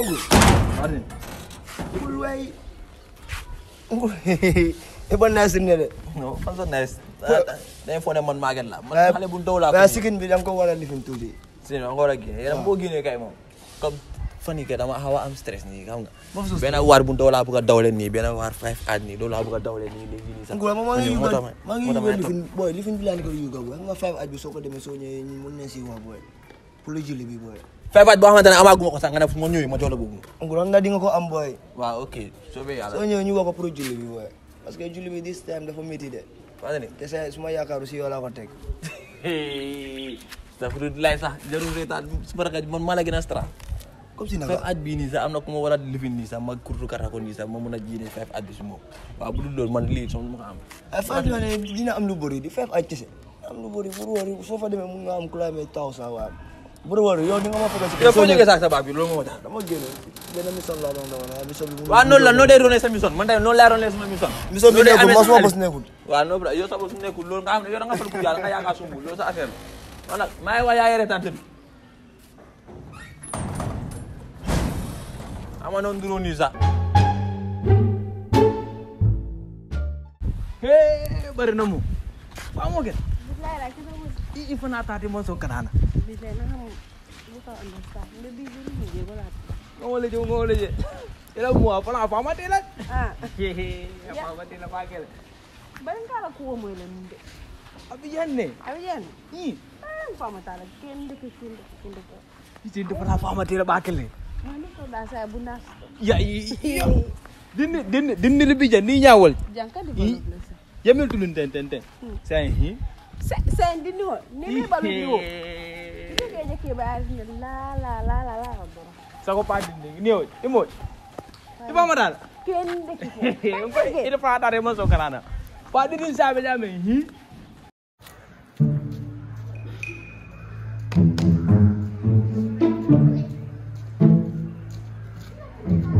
ogu arin ulwai no nice day fo ne la man xale bu ndaw la ko ko wara lifin tuuti sin nga wara gine yaram bo gine kay mom fani ke dama am stress ni xam nga ben war bu ndaw la bu ni ben war 5 at ni do la bu ni legi ni ngula lifin boy lifin bilang la ni ko yugal nga 5 at bi soko demé so wa boy pour le bi boy Faibat bo xamante ne amaguma ko sax nga def mo ñëw ma jox la bëgg nguron da di nga ko am boy waaw ok ya, so be yalla so ñëw ñu wako pro julli bi wa. parce que julli bi this time dafa metti de wa ni te sa suma yakaru si yow ko tek lay sax jaru reta su baraka mon mala gina stra comme si naka at bi ni sa amna kuma wara lifin ni sa ma kurtu ko ni sa mo meuna jine fef at bi mo. wa bu dul lol man li sama mako am fa do dina am lu bori di fef at ci am lu bori pour wori so fa deme mu nga am climate taw sa wa Modou Waro yow ni nga ma fekk si. yow foo jógee sax sa baag bi loolu moo tax. dama génn benn mission laa doon doon waaye mission bi. waaw noonu la noo dee ronee sa mission man tamit noonu laa ronee sama mission. mission bi nekkul ma suma bos nekkul. waaw non yow sa bos nekkul loolu nga xam ne yow da nga fal ku yàlla nga yaakaar sumb loolu sa affaire la. man nag maa ngi wax yaa yore tante bi. ama noonu duróo nii sax. hee bari na mu. waaw moo gën. Iphone at hati mo so kanana bile na mo buka le bi juri ni je gola ngole jo ngole je ela mo apa apa mati la ah he apa mati la pakel barang kala le i apa mata la kende ke kende kende ko Izin depan apa mati la pakel ne bunas ya iya Dini dini dini lebih jadi nyawal jangka di bawah iya. Jamil ya, tulun ten ten ten. Hmm. Saya ini hmm sendi ni hon ni mi balu ni hon ni ke je ke ba ni la la la la la sa ko padi ni ni hon imot iba mo dal ken de ki ko ida fa dare mo so kana padi ni sa be jame hi Thank you.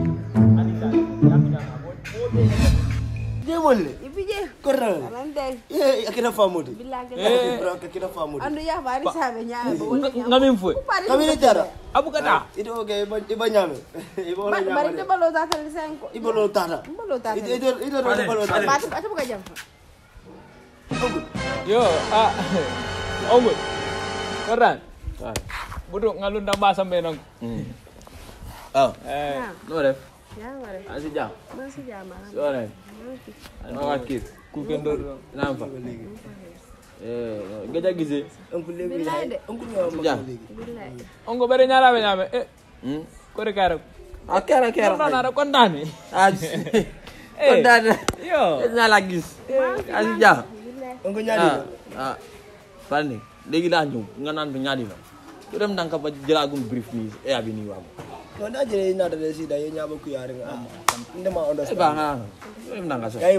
Ibu molle ibije korral e eh, akina eh, famude billahi eh, akina famude andu ya bari sabe nyaame ngamin fo ngamin jara abu kata ah, ido Ibu ibu nyaame Ibu. wala nyaame bari de balo Ibu Ibu senko ada. Ibu tata ada. Itu itu ido do balo tata ba ta buka jam yo ah ongul keren. buduk ngalun tambah sampai nang oh hmm. ah. eh no ref yaa ngi rek maa ngi si jàmm. maa ngi kori kaara. ah keroog keroog kontaan naa de kontaan ni. ah eh. kontaan na. la gis. maa ngi si jàmm. la ah, ah. nga naan bi ñaari la. ku brief bi yaa bi nii wanda ajire yana da dai da yin ya baku yarin amma inda ma understand ba na ba na kasa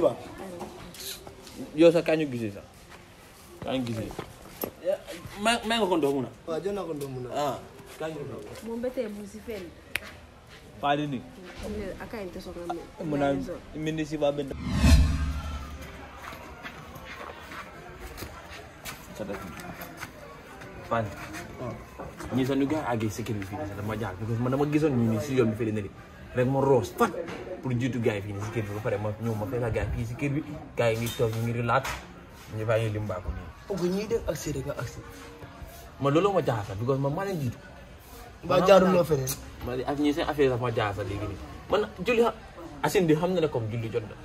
yo sa kanyu gize sa kanyu gize ma ma ko ndo muna wa jona ko ndo muna ah kanyu ndo mo musifel busi fel pare ni aka inte so na muna minisi ba benda sadaki pan oh ñii sax ñu gën a àggee sécurité fii nii sax dama jaaxle parce que man dama gisoon ñu si yoon bi fële na li rek ma roos fat pour jiitu gars fii nii si kër ba pare ma ñëw ma fekk gars yi si kër bi ngi toog ngi relax ñu bàyyi lim baaku nii donc ñii def accès rek nga ma ma jaaxal parce que man maa ma ak ñii seen affaire sax ma jaaxal léegi nii julli bi xam na ne comme julli jot na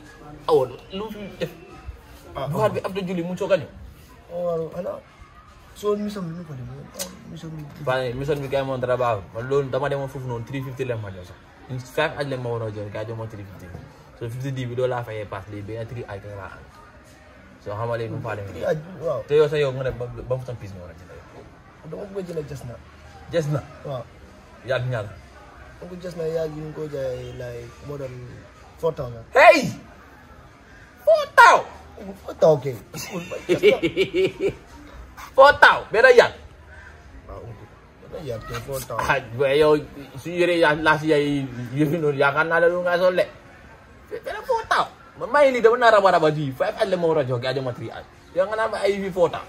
awoon lu mu fi def ah, buwaat ah. bi ab da julli mu soog a so mission bi ñu ko defee mission bi. waaye mission bi kay moom dara baaxul man loolu dama demoon foofu noonu 350 lañ ma jox sax une five aj lañ ma waroon jël gars jox ma 350 so bi doo laa fayee paas léegi benn tri aj nga laa am soo xamal léegi nu mu faa demee. waaw te yow sax yow nga ne ba mu tam piis nga war a a jëlee jas na. jas na. waaw yàgg ñaar. donc na yàgg ngi ko jaayee laay moo four thousand. hey foo taaw benn yàgg. ah waaye yow su yore yaa laas yaay yëfi noonu yaakaar naa la lu nga sol le benn foo taaw man maa ngi nii dama naa raba raba di five at la ma war a jox gaajama tri at yow nga naa ma ay yëfi foo taaw.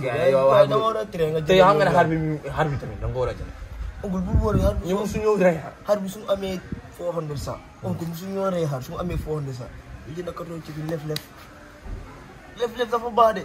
te yow xam nga ne xar bi xar bi tamit da nga ko war a jënd. oncle bu boole xar bi ñoom su ñëw rey xar. xar bi su ñu amee four hundred cent. oncle su ñëw rey xar su ñu amee four hundred cent. li jënd carton ci bi lef lef lef lef dafa baax de.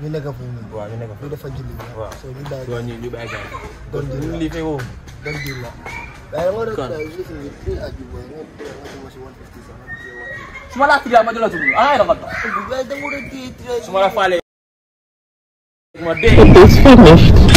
Mwen nega fwen mwen. Wwa, mwen nega fwen mwen. Mwen defa jile mwen. Wwa. So mwen daje. Swen yon, yon bè jan. Don jile. Mwen li fe wou. Don jile. Mwen reksan, jise se mwen tri agi bwen. Mwen se mwashi wan testis anan. Sou mwen la tilak mwen jile jilou. Anan anan mwen ta? Sou mwen la falen. It's finished.